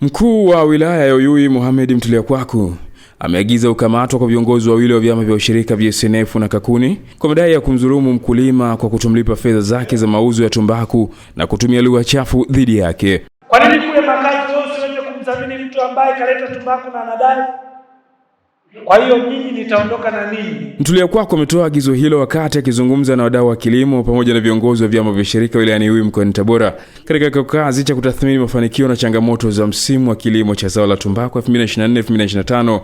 Mkuu wa wilaya ya Uyui Mohamed kwaku ameagiza ukamatwa kwa viongozi wawili wa vyama vya ushirika vya SNF na Kakuni kwa madai ya kumdhulumu mkulima kwa kutomlipa fedha zake za mauzo ya tumbaku na kutumia lugha chafu dhidi yake. Kwa nini kule makazi wewe usiweze kumdhamini mtu ambaye kaleta tumbaku na anadai kwa hiyo nyinyi nitaondoka na nini Mtulia kwako ametoa agizo hilo wakati akizungumza na wadau wa kilimo pamoja na viongozi wa vyama vya shirika wilayani Iwi mkoani Tabora katika kikao kazi cha kutathmini mafanikio na changamoto za msimu wa kilimo cha zao la tumbaku 2024-2025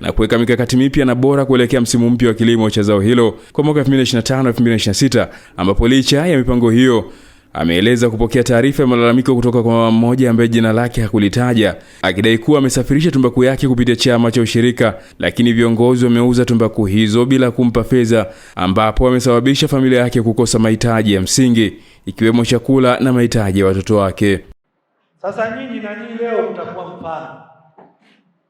na kuweka mikakati mipya na bora kuelekea msimu mpya wa kilimo cha zao hilo kwa mwaka 2025-2026 ambapo licha ya mipango hiyo ameeleza kupokea taarifa ya malalamiko kutoka kwa mama mmoja ambaye jina lake hakulitaja akidai kuwa amesafirisha tumbaku yake kupitia chama cha ushirika, lakini viongozi wameuza tumbaku hizo bila kumpa fedha, ambapo amesababisha familia yake kukosa mahitaji ya msingi ikiwemo chakula na mahitaji ya watoto wake. Sasa nyinyi na nyinyi leo mtakuwa mfano.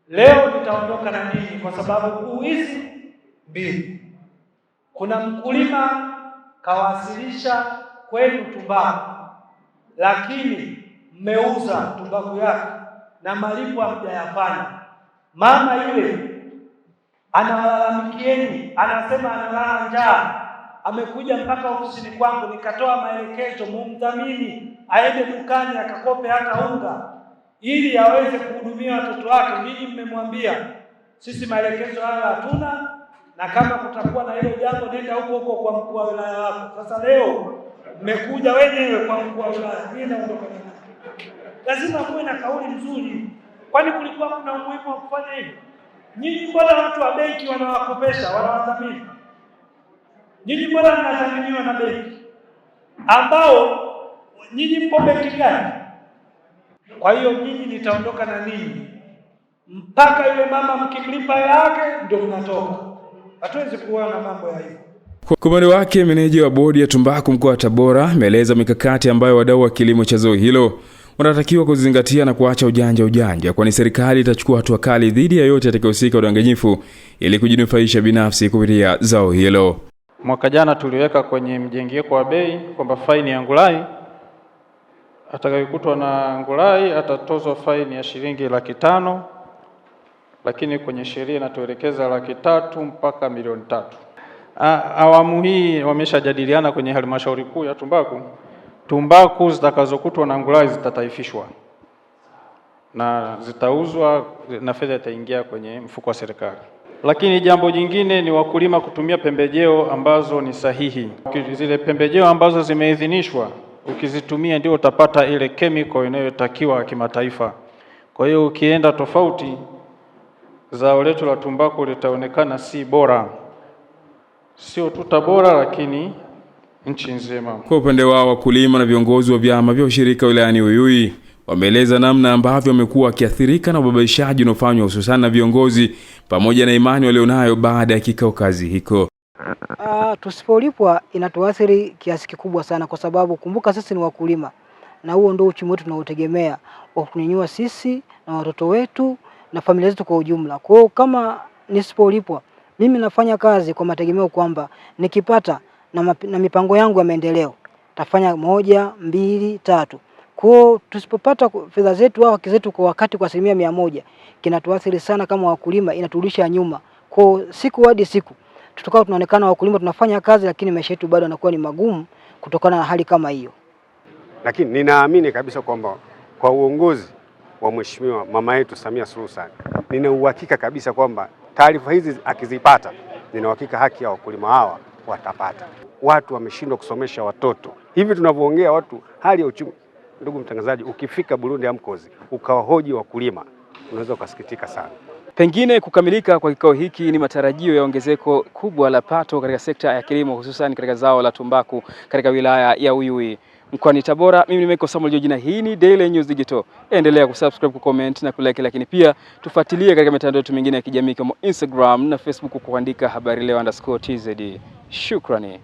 Leo nitaondoka na nyinyi kwa sababu kuu hizi mbili. Kuna mkulima kawasilisha kwenu tumbaku, lakini mmeuza tumbaku yake na malipo hamjayafanya, mama yule anawalalamikieni, anasema analala njaa amekuja mpaka ofisini kwangu, nikatoa maelekezo mumdhamini aende dukani akakope hata unga ili aweze kuhudumia watoto wake. Ninyi mmemwambia sisi maelekezo hayo hatuna, na kama kutakuwa na hilo jambo, nenda huko huko kwa mkuu wa wilaya wako. Sasa leo mmekuja wenyewe kwa mkuu wa wilaya, mimi Lazima kuwe na kauli nzuri, kwani kulikuwa kuna umuhimu wa kufanya hivyo? Nyinyi mbona watu wa benki wanawakopesha, wanawadhamini? Nyinyi mbona mnadhaminiwa na benki ambao nyinyi mpo benki gani? Kwa hiyo nyinyi nitaondoka na ninyi mpaka yule mama mkimlipa yake ndio mnatoka. Hatuwezi kuona mambo ya hivyo. Kwa upande wake meneja wa bodi ya tumbaku mkoa wa Tabora ameeleza mikakati ambayo wadau wa kilimo cha zao hilo wanatakiwa kuzingatia na kuacha ujanja ujanja, kwani serikali itachukua hatua kali dhidi ya yote atakayehusika udanganyifu ili kujinufaisha binafsi kupitia zao hilo. Mwaka jana tuliweka kwenye mjengeko wa bei kwamba faini ya ngulai, atakayekutwa na ngulai atatozwa faini ya shilingi laki tano, lakini kwenye sheria inatuelekeza laki tatu mpaka milioni tatu awamu hii wameshajadiliana kwenye halmashauri kuu ya tumbaku, tumbaku zitakazokutwa na ngulai zitataifishwa na zitauzwa na fedha itaingia kwenye mfuko wa serikali. Lakini jambo jingine ni wakulima kutumia pembejeo ambazo ni sahihi. Zile pembejeo ambazo zimeidhinishwa ukizitumia ndio utapata ile chemical inayotakiwa kimataifa. Kwa hiyo ukienda tofauti, zao letu la tumbaku litaonekana si bora sio tu Tabora lakini nchi nzima. Kwa upande wao, wakulima na viongozi wa vyama vya ushirika wilayani Uyui wameeleza namna ambavyo wamekuwa wakiathirika na ubabaishaji unaofanywa hususan na viongozi pamoja na imani walionayo baada ya kikao kazi hicho. Uh, tusipolipwa inatuathiri kiasi kikubwa sana, kwa sababu kumbuka sisi ni wakulima na huo ndio uchumi wetu tunaotegemea wa sisi na watoto wetu na familia zetu kwa ujumla. Kwa hiyo kama nisipolipwa mimi nafanya kazi kwa mategemeo kwamba nikipata na, na mipango yangu ya maendeleo tafanya moja, mbili, tatu. Kwao tusipopata fedha zetu au haki zetu kwa wakati kwa asilimia mia moja kinatuathiri sana kama wakulima, inaturudisha nyuma. kwa siku hadi siku tutakawa tunaonekana wakulima tunafanya kazi, lakini maisha yetu bado yanakuwa ni magumu kutokana na hali kama hiyo. Lakini ninaamini kabisa kwamba kwa uongozi wa Mheshimiwa mama yetu Samia Suluhu Hassan, nina uhakika kabisa kwamba taarifa hizi akizipata, nina uhakika haki ya wakulima hawa watapata. Watu wameshindwa kusomesha watoto hivi tunavyoongea, watu hali ya uchumi. Ndugu mtangazaji, ukifika Burundi amkozi ukawahoji wakulima, unaweza ukasikitika sana. Pengine kukamilika kwa kikao hiki ni matarajio ya ongezeko kubwa la pato katika sekta ya kilimo, hususan katika zao la tumbaku katika wilaya ya Uyui mkoani Tabora. Mimi Michael Samuel George na hii ni Daily News Digital. Endelea kusubscribe, kucomment na kulike, lakini pia tufuatilie katika mitandao yetu mingine ya kijamii kama Instagram na Facebook kuandika habari leo underscore tz. Shukrani.